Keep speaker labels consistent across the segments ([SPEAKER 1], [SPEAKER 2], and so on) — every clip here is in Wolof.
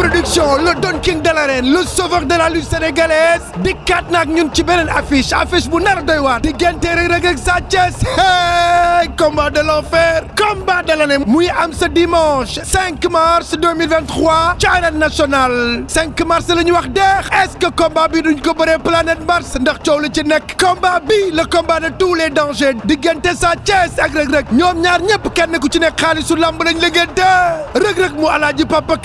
[SPEAKER 1] production le Don King de l'arène le sauveur de la lutte sénégalaise dikkaat na ak ci beneen affiche affiche bu nar doy waar diggante Reug-Reug ak Sa Thiès hey combat de l'enfer combat de l'année muy am ce dimanche 5 mars 2023 ci arène mars la ñu wax deex est-ce combat bi duñ ko bëree planète Mars ndax coow li ci nekk combat bi le combat de tous les dangers diggante Sa Thiès ak Reug-Reug ñoom ñaar ñëpp kenn ku ci nekk xaalisu lamb lañ liggéente Reug-Reug mu alaaji Papa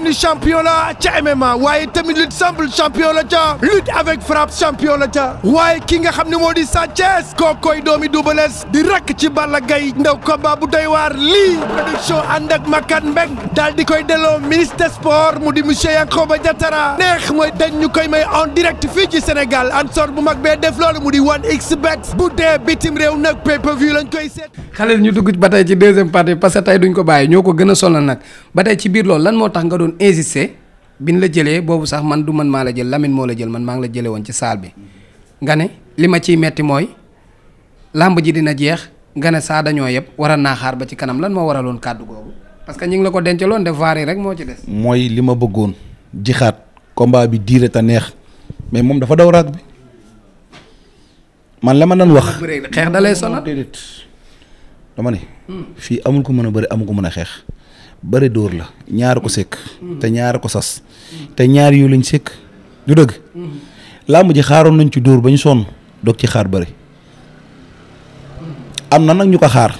[SPEAKER 1] xam ni champion la ca MMA waaye tamit lutte simple la ca lutte avec frappe champion la ca waaye kii nga xam ne moo di Sa Thiès koy doomi Double Less di rakk ci Balla Gaye ndaw combat bu doy waar lii production ànd ak Makan Mbeng daal di koy delloo ministre sport mu di monsieur Yankhoba Diattara neex mooy dañ ñu koy may en direct fii ci Sénégal ansor bu mag bee def loolu mu di 1xBet bu dee bitim réew nag pay-per-view
[SPEAKER 2] koy seet. xale ñu dugg ba tey ko bàyyi ñoo ko gën lan moo tax nga doon insister bi ñu la jëlee boobu sax man du man maa la jël Lamine moo la jël man maa ngi la jëlee woon ci saal bi nga ne li ma ciy metti mooy làmb ji dina jeex nga ne saa dañoo yëpp war naa xaar ba ci kanam lan moo waraloon kàddu googu parce que ñu ngi la ko dencaloon def vaar yi rek moo ci des.
[SPEAKER 3] mooy li ma bëggoon jixaat combat bi diire ta neex mais moom dafa daw raag bi man la ma nan wax.
[SPEAKER 2] xeex da lay sonal
[SPEAKER 3] déedéet dama ne. Hmm. fii amul ko mën a bëri amul ko mën a xeex. bari dóor la ñaar ko sekk te ñaar ko sas te ñaari yu lañ sekk du dëgg làmb ji xaaroon nañ ci dóor ba ñu sonn doog ci xaar bari am na nag ñu ko xaar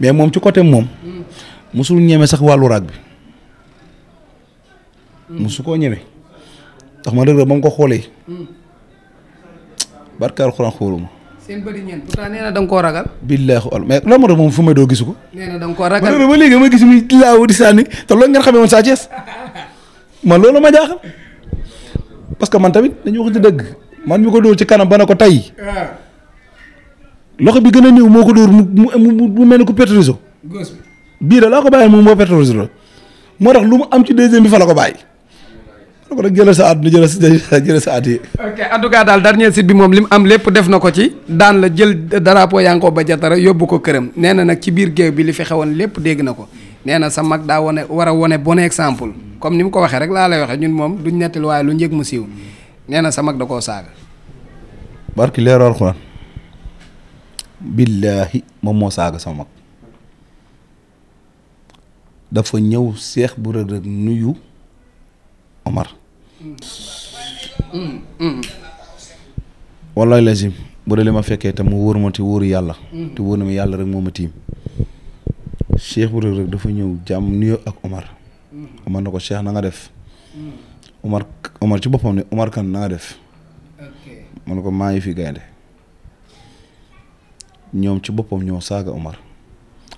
[SPEAKER 3] mais moom ci côté moom musul ñeme sax wàllu raag bi musu koo ñeme ndax ma dëgg ba mu ko xoolee barkaar xuraan xooluma
[SPEAKER 2] seen bëri ñeent pourtant nee na da ragal.
[SPEAKER 3] billaahi wal mais loolu moo moom fu may doo gisu ko. nee na da nga koo ragal ma ne ba léegi ma gis muy laaw di sànni te loolu ngeen xamee woon Sa Thiès man loolu ma jaaxal parce que man tamit dañu wax ci dëgg man mi ko dóor ci kanam ba ne ko tey. loxo bi gën a néew moo ko dóor mu mu mu mel ni ku pétroliser. gos bi bii da laa ko bàyyi moom moo pétroliser moo tax lu mu am ci deuxième bi fa la ko bàyyi. ko nag jëlal sa at nu jëlal sa jëlal sa
[SPEAKER 2] cas daal dernier site bi moom li mu am lépp def na ko ci daan la jël drapeau Yankhoba Diattara yóbbu ko këram nee na nag ci biir géew bi li fi xewoon lépp dégg na ko nee na sa mag daa wane a wane bon exemple comme ni mu ko waxee rek laa waxee ñun moom duñ nettali waaye lu njëg mu siiw na sa mag koo saaga.
[SPEAKER 3] barki leeru alxuraan billaahi moom moo saaga sama mag dafa ñëw seex bu rëg rëg nuyu Omar wallaay lazim boo dee li ma fekkee tam mu wóor ma te wóoru yàlla. te wóor na ma yàlla rek moo ma tiim. Cheikh bu Reug Reug dafa ñëw jàmm nuyoo ak Omar. Omar na ko Cheikh na nga def. Omar Omar ci boppam ne Omar kan na def def. man ko maa ngi fi gaynde ñoom ci boppam ñoo saaga Omar.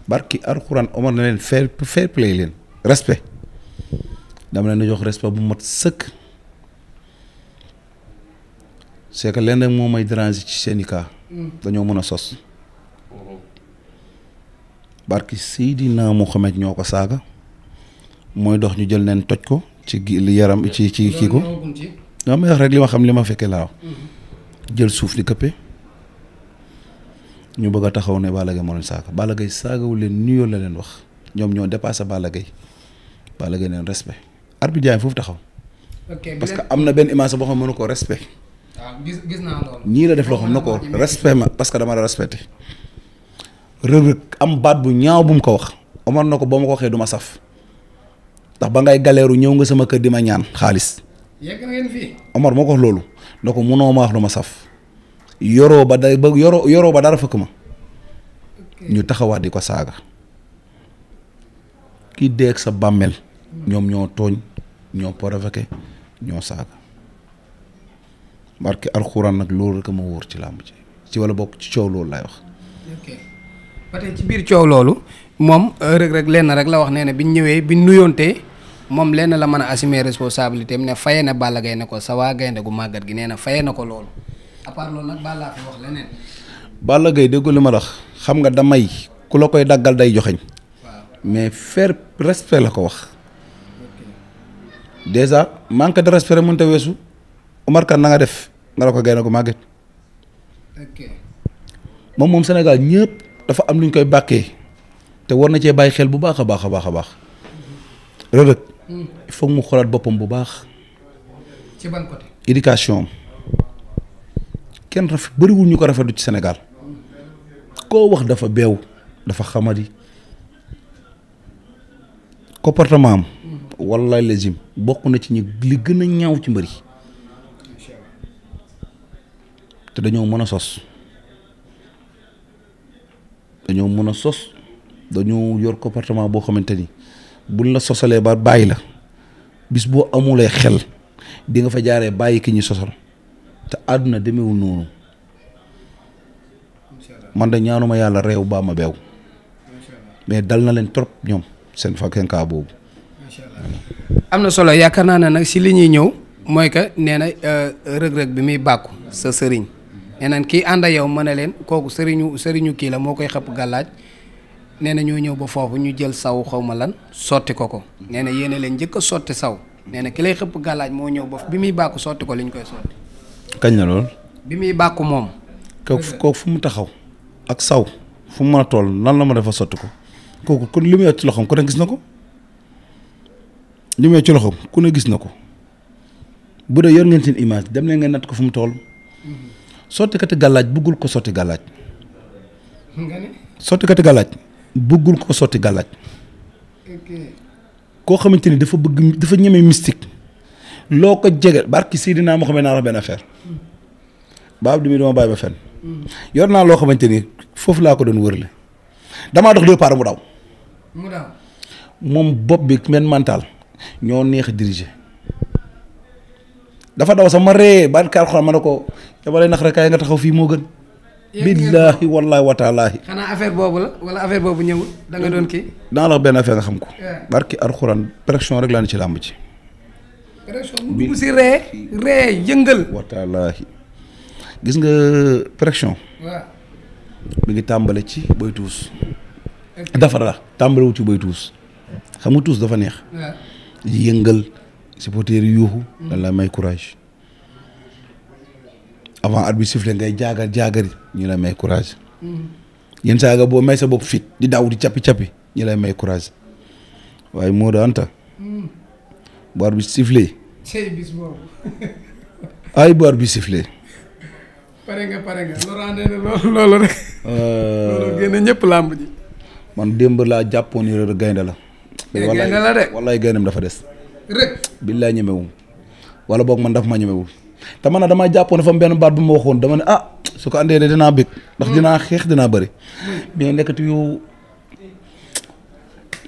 [SPEAKER 3] barki alxuraan Omar na leen fair fair play leen respe dama leen di jox respect bu mat sëkk. c'est que leen rek moo may déranger ci syndicat mm. dañoo mën a sos barki mu Mouhamed ñoo ko saaga mooy dox ñu jël neen toj ko ci li yaram ci ci kii ko daa may wax rek li ma xam li ma fekkee laaw
[SPEAKER 2] mm-hmm.
[SPEAKER 3] jël suuf di këppe ñu bëgg a taxaw ne Balla Gaye moo leen saaga Balla Gaye saagawul leen nuyoo la leen wax ñoom ñoo dépassé Balla Gaye Balla Gaye neen respect arbitre foofu taxaw
[SPEAKER 2] parce que am na benn
[SPEAKER 3] image boo xam mënu ko respe
[SPEAKER 2] Ah, gis gis naa
[SPEAKER 3] ñii la def loo na ko respect ma parce que dama la respecté rëg-rëg am baat bu ñaaw bu mu ko wax omar na ko boo ma ko waxee du ma saf ndax ba ngay galeeru ñëw nga sama kër di ma ñaan xaalis yegg na omar moo ko wax loolu na ko mënoo ma wax lu ma saf yoroo ba da ba dara fëkk ma ñu taxawaat di ko saaga kii deeg sa bàmmeel ñoom ñoo tooñ ñoo provoqué ñoo saaga barke alxuraan nag loolu rek ma wóor ci làmb ci ci wala bokk ci coow loolu laay wax.
[SPEAKER 2] ci biir coow loolu moom euh, rek Reug lenn rek la wax nee na bi ñëwee bi nuyoontee moom lenn la mën a assumer responsabilité am ne faye na Balla gay ne ko sa waa gaynde gu màggat gi neena na faye na ko loolu à part loolu nag
[SPEAKER 3] li ma la xam nga damay ku la koy daggal day joxeñ mais faire respect la ko wax. déjà manque de respect mënta weesu. Omar Kane na def nga ne ko gaynde gu màgget moom moom Sénégal ñëpp dafa am lu ñu koy bàkkee te war na cee bàyyi xel bu baax a baax a baax a baax Reug Reug hmm. mu xoolaat boppam bu baax. ci ban kenn rafet bëriwul ñu ko rafetu ci Sénégal koo wax dafa beew dafa xamadi comportement am. Hmm. wallaay lazim bokk na ci ñi li gën ñaw ci mbëri te dañoo mën a sos dañoo mën a sos dañoo yor comportement boo xamante ni buñ la sosalee ba bàyyi la bis boo amulee xel dinga fa jaaree bàyyi ki ñu sosal te àdduna demewul noonu man da ñaanuma yàlla réew baa ma beew mais dal na leen trop ñoom seen fakkenkaa boobu
[SPEAKER 2] am na solo yaakaar naa ne nag si li ñuy ñëw mooy que nee na euh, rëg-rëg bi muy bàkku sa sëriñ nee nañ ànd ak yow mën a leen kooku sëriñu sëriñu kii la moo koy xëpp gàllaaj nee na ñoo ñëw ba foofu ñu jël saw xaw ma lan sotti ko ko nee na yéene leen njëkk a sotti saw nee na ki lay xëpp gàllaaj moo ñëw ba bi muy bàkku sotti ko liñ koy sotti.
[SPEAKER 3] kañ la lool. bi muy bàkku moom. kooku fu mu taxaw ak saw fu mu mën a toll nan la ma dafa sotti ko kooku kon li mu yor ci loxoom ku ne gis na ko li mu yor ci loxoom ku ne gis na ko bu dee yoon ngeen seen image dem leen nga natt ko fu mu toll. sottikati gàllaaj buggul ko sotti gàllaaj sottikati gàllaaj buggul ko sotti gallaaj koo xamante ni dafa bëgg dafa ñeme mystique loo ko jege barki Seydina Mohamed naa wax benn affaire baab du mi dama bàyyi ba fenn yor naa loo xamante ni foofu laa ko doon wërle damaa dox deux parts mu daw. mu daw moom bopp bi men mental ñoo neex a dafa daw sama ree ba alxuraan ma ne ko dama lay nax rek kaay nga taxaw fii moo gën. billaahi wallaahi wataalaahi. xanaa
[SPEAKER 2] affaire boobu la wala affaire boobu ñëwul da nga doon kii.
[SPEAKER 3] danaa la benn affaire nga xam ko. barki alxuraan pression rek laa ne ci làmb ci.
[SPEAKER 2] pression mu si ree.
[SPEAKER 3] ree yëngal. wataalaahi gis nga euh, pression. waaw. mi ngi tàmbale ci boy tuus. dafa la tàmbale ci boy tuus. xam nga tuus dafa neex. yëngal. supporters yi yuuxu. dañ la may courage. avant at bi sifflé ngay jaaga jaagari ñu lay may courage. yenn saa nga boo may sa bopp fit di daw di cappi cappi ñu lay may courage waaye moo daan ta. bu at bi sifflé. cey bis ay bu at bi sifflé.
[SPEAKER 2] pare nga pare nga loolu loolu rek.
[SPEAKER 3] Euh, loolu génne ñëpp làmb ji. man démb laa jàppoon ni gaynde la. Eh, gaynde la de. wallaay gayndem dafa des. rek. billaay ñemewum wala boog man daf ma ñemewul te man damaa jàppoon dafa am benn baat bu ma waxoon dama ne ah su ko andee de dinaa bëgg ndax dinaa xeex dinaa bëri mais nekkati yow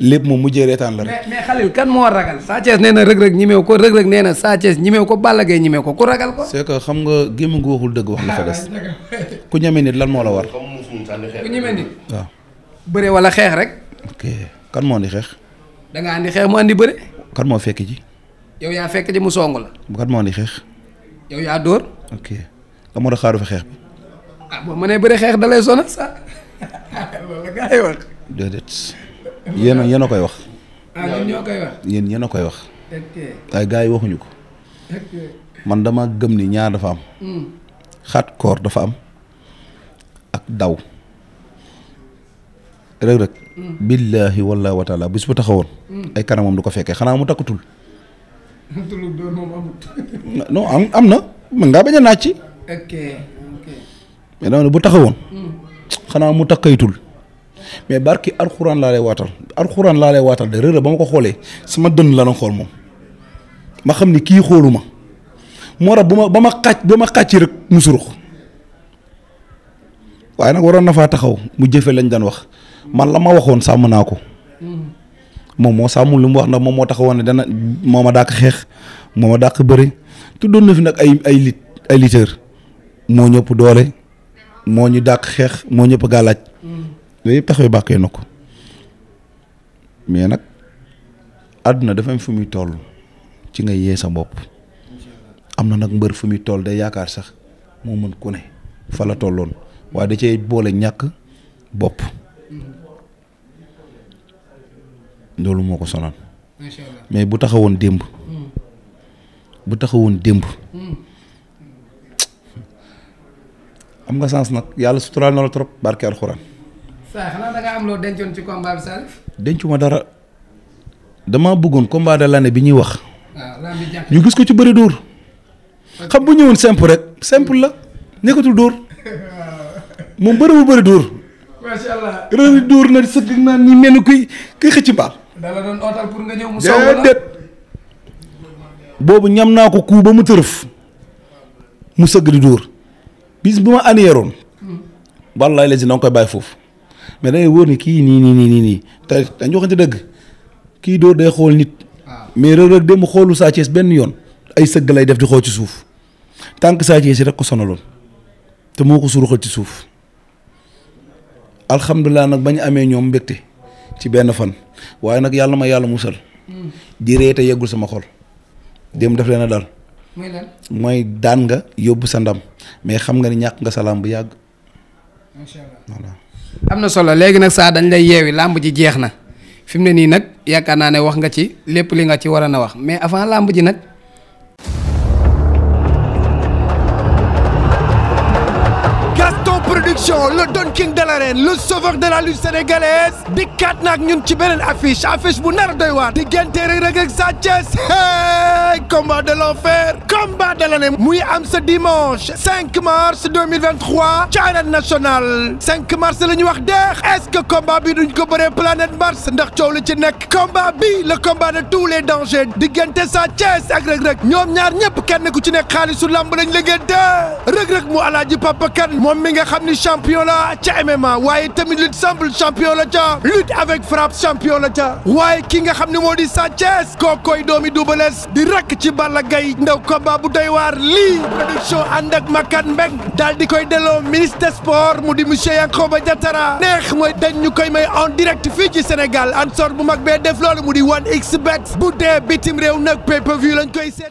[SPEAKER 3] lépp moom mujjee reetaan la rek.
[SPEAKER 2] mais mais kan moo ragal. Sa Thiès nee na Reug Reug ñimew ko Reug Reug nee na Sa ñemew ko Balla Gaye ñimew ko ku ragal ko. c'est xam
[SPEAKER 3] nga gémmiñ gu waxul dëgg wax la fa des ku ñeme nit lan moo la war. bëre wala xeex rek. ok kan moo andi xeex. da kan moo fekk ji.
[SPEAKER 2] yow yaa fekk ji mu song la.
[SPEAKER 3] kan moo ni xeex. yow yaa dóor. ok nga xaaru fa xeex bi.
[SPEAKER 2] ah boo mënee bëri xeex dalay sonal sax
[SPEAKER 3] yéen a koy wax.
[SPEAKER 2] ah ñun koy wax.
[SPEAKER 3] yéen yéen a koy wax. waaye gaa yi waxuñu ko. man dama gëm ni ñaar dafa am. Hmm. xat koor dafa am ak daw. Reug Reug billaahi wallaahi wa taala bu taxawoon. ay kanamam du ko fekkee xanaa mu takkutul.
[SPEAKER 1] non am na
[SPEAKER 3] mën ngaa bañ a mais dama ne bu taxawoon. Hmm. xanaa mu takkaytul. mais barki alxuraan laa lay waatal alxuraan laa lay waatal de Reug Reug ba ma ko xoolee sama dënn la xool moom ma xam ni kii xooluma moo tax bu ma ba ma xàcc ba ma xàcc rek mu waaye nag waroon na faa taxaw mu jëfe lañ daan wax man la ma waxoon sàmm naa ko moom moo sàmmul lu mu wax ndax moom moo taxawoon ne dana moo ma dàq xeex moo ma dàq bëre tuddoon na fi nag ay ay lit ay litteurs moo ñëpp doole moo ñu dàq xeex moo ñëpp gàllaaj yooyu yëpp taxawee bàkkee na ko mais nag àdduna dafa am fu muy toll ci nga yee sa bopp am na nag mbër fu muy tool day yaakaar sax moo mën ku ne fa la tolloon waaye da cee boole ñàkk bopp loolu moo ko sonal. mais bu taxawoon démb. Hmm. bu taxawoon démb. Hmm. Hmm. am nga sens nag yàlla suturaal na la trop barke alxuraan.
[SPEAKER 2] am loo dencoon ci combat
[SPEAKER 3] bi dencuma dara damaa bëggoon combat de bi ñuy wax. Ah, ñu gis ko ci bari dóor. xam bu ñëwoon simple rek simple la nekkatul dóor. moom bëri bu bëri dóor.
[SPEAKER 1] macha
[SPEAKER 2] allah
[SPEAKER 3] rëy na sëdd naan ñi mel ni kuy kuy xëcc mbaal. boobu ñam naa ko kuu ba mu tërëf mu sëgg di dóor bis bu ma aneeroon. wallaay la si na nga koy bàyyi foofu mais da ngay ni kii nii nii nii nii te dañu waxante dëgg kii dóor day xool nit. Ah. mais Reug Reug xoolu Sa benn yoon ay sëgg lay def di xool ci suuf tànk Sa Thiès rek ko sonaloon te moo ko suruxal ci suuf. alhamdulilah nag ba ñu amee ñoom mbégte ci benn fan waaye nag yàlla ma yàlla musal. di ree te yeggul sama xol. dem daf leen a dal. mooy lan daan nga yóbbu sa ndam mais xam nga ni ñàkk nga salaam bu yàgg. macha am na solo
[SPEAKER 2] léegi nag saa dañ lay yeewi làmb ji jeex na fi mu ne nii nag yaakaar naa ne wax nga ci lépp li nga ci war a na wax mais avant làmb ji nag.
[SPEAKER 1] production le Don King de l'arène le sauveur de la lutte sénégalaise dikkaat na ak ñun ci beneen affiche affiche bu nar doy waar diggante Reug Reug ak Sa Thiès hey combat de l'enfer combat de l'année muy am ce dimanche 5 mars 2023 ci arène mars la ñu wax deex est que combat bi duñ ko bëree planète Mars ndax coow li ci nekk combat bi le combat de tous les dangers diggante Sa Thiès ak Reug Reug ñoom ñaar ñëpp kenn ku ci nekk xaalisu lamb lañ Papa Kane moom mi nga xam ni champion la ca MMA waaye tamit lutte simple champion la ca lutte avec frappe champion ca waaye ki nga xam ne moo di Sa Thiès kookoy doomi Double di rakk ci Balla Gaye ndaw combat bu doy waar lii production ànd ak Makan Mbeng daal di koy delloo ministre des mu di monsieur Yankhoba Diattara neex mooy dañ koy may en direct fii ci Sénégal an sor bu mag bee def loolu mu di 1xBet bu dee bitim réew nag pay per koy seet